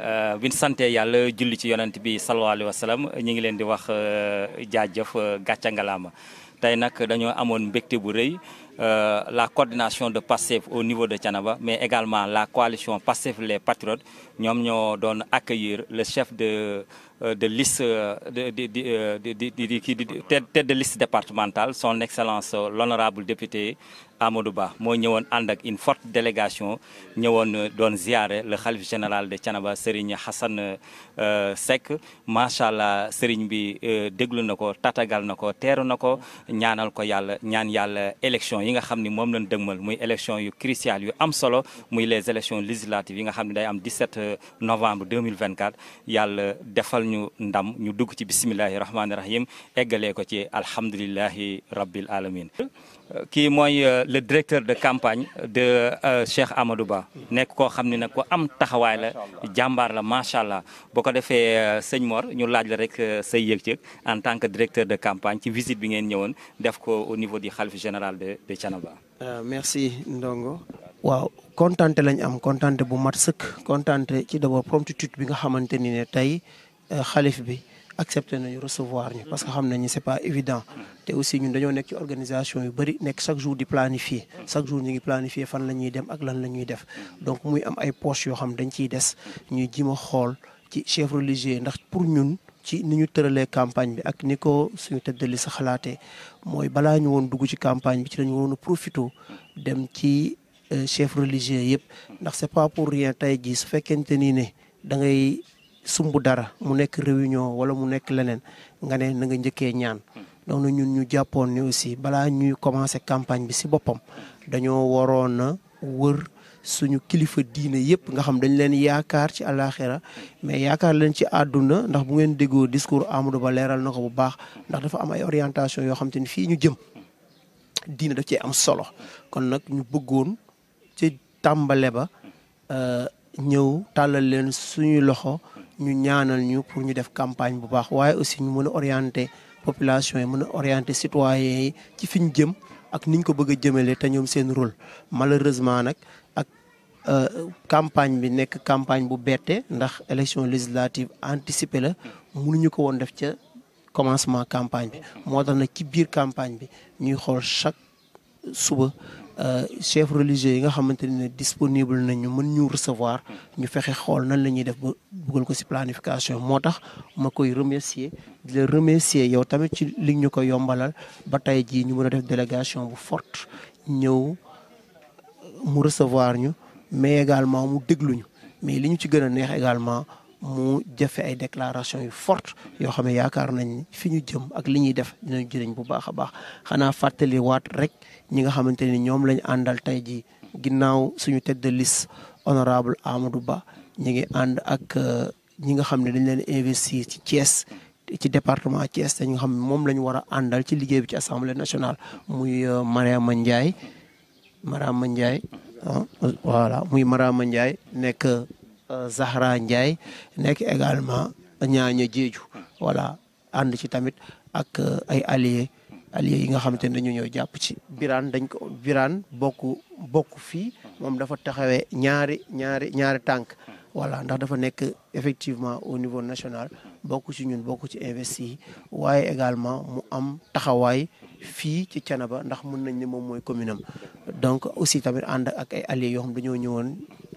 Euh, bin sante yàlla julli ci yonent bi sallallahu alayhi wa ñu ngi leen di wax euh, jaajëf euh, gàcca ngalaama tey nag dañoo amoon mbégte bu rëy euh, la coordination de PASTEF au niveau de Thiénaba mais également la coalition PASTEF les patriotes ñoom ñoo doon accueillir le chef de euh, de liste euh, euh, de de de de tête de liste départementale son excellence l'honorable député Amadou Ba moo ñëwoon ànd ak une forte délégation ñëwoon doon ziare le xalif général de Thiénaba Serigne Hassan Seck macha allah Serigne bi déglu na ko tatagal na ko teeru na ko ñaanal ko yàlla ñaan yàlla élection yi nga xam ni moom lañ dëgmal muy élection yu crucial yu am solo muy les élections législatives yi nga xam ne day am 17 novembre 2024 yàlla defal ñu ndam ñu dugg ci bisimilahi rahmaani rahim eggalee ko ci alhamdulilahi rabbil alamin kii mooy euh, le directeur de campagne de euh, Cheikh Amadou Ba nekk koo xam ne nag ko am taxawaay la jàmbaar la macha allah boo ko defee euh, sëñ Mor ñu laaj la rek say yëg-yëg en tant que directeur de campagne ci visite bi ngeen ñëwoon def ko au Thiénaba euh, merci Ndongo waaw kontante lañ am kontante bu mat sëkk kontante ci d'abord promptitude bi nga xamante ni ne tey euh, xalif bi accepté nañu recevoir ñu parce que xam nañu c'est pas évident te aussi ñun dañoo nekk ci organisation yu bëri nekk chaque jour di planifier chaque jour ñu ngi planifier fan la ñuy dem ak lan la ñuy def donc muy am ay poches yoo xam dañ ciy des ñuy jima xool ci chef religieux ndax pour ñun ci ni ñu tëralee campagne bi ak ni ko suñu tëddali sa xalaatee mooy balaa ñu woon dugg ci campagne bi ci lañu woon a profité dem ci euh, chef religieux yëpp ndax c'est pas pour rien tey jii su fekkente nii ne da ngay sumb dara mu nekk réunion wala mu nekk leneen nga ne na nga njëkkee ñaan donc ñun ñu jàppoon ni aussi balaa ñuy commencer campagne bi si boppam dañoo waroon wër suñu kilifa diine yëpp nga xam dañ leen yaakaar ci àllaaxira mais yaakaar leen ci àdduna ndax bu ngeen déggoo discours Amadou Ba leeral na ko bu baax ndax dafa am ay orientation yoo xam te fii ñu jëm diine daf cee am solo kon nag ñu bëggoon ci tàmbale ba euh, ñëw tàllal leen suñu loxo ñu ñaanal ñu pour ñu def campagne bu baax waaye aussi ñu mën a orienté population yi mën a orienté citoyens yi ci fi ñu jëm ak niñ ko bëgg a jëmale te ñoom seen rôle malheureusement nag Euh, campagne bi nekk campagne bu bette ndax élection législative anticipée la mënuñu ko woon def ca commencement campagne bi moo tax nag ci biir campagne bi ñuy xool chaque suba euh, chef religieux yi nga xamante ne disponible nañu mën ñu recevoir ñu fexe xool nan la ñuy def ba buggal ko si planification moo tax ma koy remercier di la remercier yow tamit ci li ñu ko yombalal ba tey jii ñu mën a def délégation bu forte ñëw euh, mu recevoir ñu. mais également mu dégluñu mais li ñu ci gën a neex également mu jëfe ay déclaration yu forte yoo xam ne yaakaar nañ fi ñu jëm ak li ñuy def dinañ jëriñ bu baax a baax xanaa fàttali waat rek ñi nga xamante ne ñoom lañu àndal tey jii ginnaaw suñu tête de liste honorable Amadou Ba ñi ngi ànd ak euh, ñi nga xam ne dañ leen investir ci Thiès ci département Thiès te ñi nga xam ne moom la ñu war a àndal ci liggéey bi ci assemblée nationale muy euh, Mariama Ndiaye Mariama Ndiaye Ah, voilà muy Marama Ndiaye nekk euh, Zahra Ndiaye nekk également ñaaña jeeju voilà ànd ci tamit ak euh, ay alliés alliés yi nga xamante ne dañu ñëw jàpp ci Birane dañ ko Birane bokk bokk fii moom dafa taxawe ñaari ñaari ñaari tànk wala ndax dafa nekk effectivement au niveau national bokk ci ñun bokk ci investi waaye également mu am taxawaay fii ci Thiénaba ndax mun nañ ne moom mooy communam donc aussi tamit ànd ak ay alliés yoo xam dañoo ñëwoon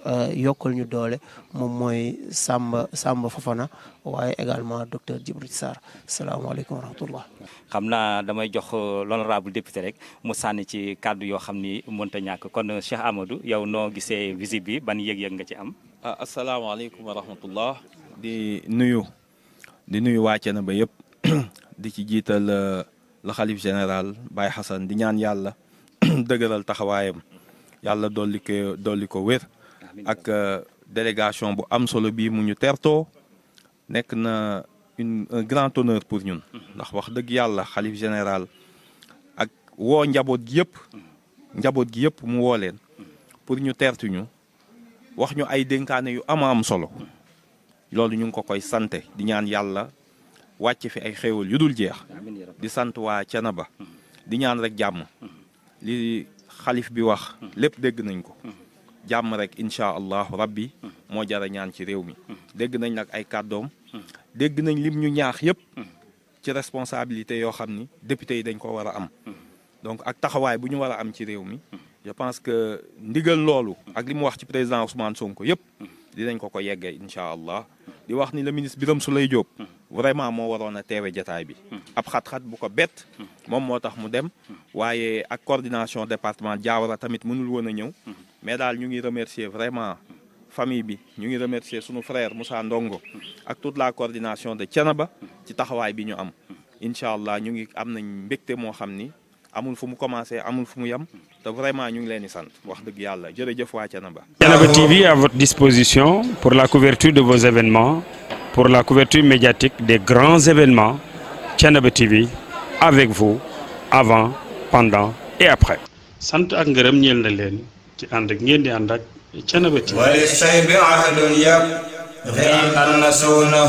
euh, yokkal ñu doole moom mooy Samba Samba Fofana waaye également docteur Djibril Sarr salaamaaleykum wa xam naa damay jox euh, l'honorable député rek mu sànni ci kàddu yoo xam ni mënta ñàkk kon euh, Cheikh Amadou yow noo gisee visite bi ban yëg-yëg nga ci am. ah asalaamaaleykum wa rahmatullah di nuyu di nuyu waa Thiénaba yëpp di ci jiital. la xalif général Baye Xasan di ñaan yàlla dëgëral taxawaayam yàlla dolli ko ko wér ak euh, délégation bu am solo bii mu ñu teertoo nekk na une un grand honneur pour ñun mm-hmm. ndax wax dëgg yàlla xalif général ak woo njaboot gi yëpp mm-hmm. njaboot gi yëpp mu woo leen mm-hmm. pour ñu tertuñu wax ñu ay dénkaane yu ama am solo loolu ñu ngi ko koy sante di ñaan yàlla wàcc fi ay xéewal yu dul jeex di sant waa ba hmm. di ñaan rek jàmm hmm. li xalif bi wax hmm. lépp dégg nañ ko jàmm rek incha allahu rabbi moo jara ñaan ci réew mi dégg nañ nag ay kàddoom dégg nañ lim ñu ñaax yëpp ci responsabilité yoo xam ni député yi dañ ko war a am donc ak taxawaay bu ñu war a am ci réew mi je pense que ndigal loolu ak li mu wax ci président Ousmane Sonko yëpp dinañ ko ko yeggee incha allah di wax ni le ministre su Souleye Diop vraiment moo waroon a teewe jataay bi. Hmm. ab xat-xat bu ko bet hmm. moom moo tax mu dem. Hmm. waaye ak coordination département Diawara tamit mënul woon a ñëw. mais daal ñu ngi remercier vraiment famille bi ñu ngi remercier sunu frère Moussa Ndongo. ak toute la coordination de ba ci taxawaay bi ñu am. incha allah ñu ngi am nañ mbégte moo xam ni amul fu mu commencé amul fu mu yem te vraiment ñu ngi leen di sant wax dëgg yàlla jërëjëf waa Thiénaba. Thiénaba TV à votre disposition pour la couverture médiatique des grands événements Thiénaba TV avec vous avant pendant et après. sant ak ngërëm ñeel na leen ci ànd ak ngeen di ànd ak Thiénaba TV. wala say bi ahadun yab. xëy na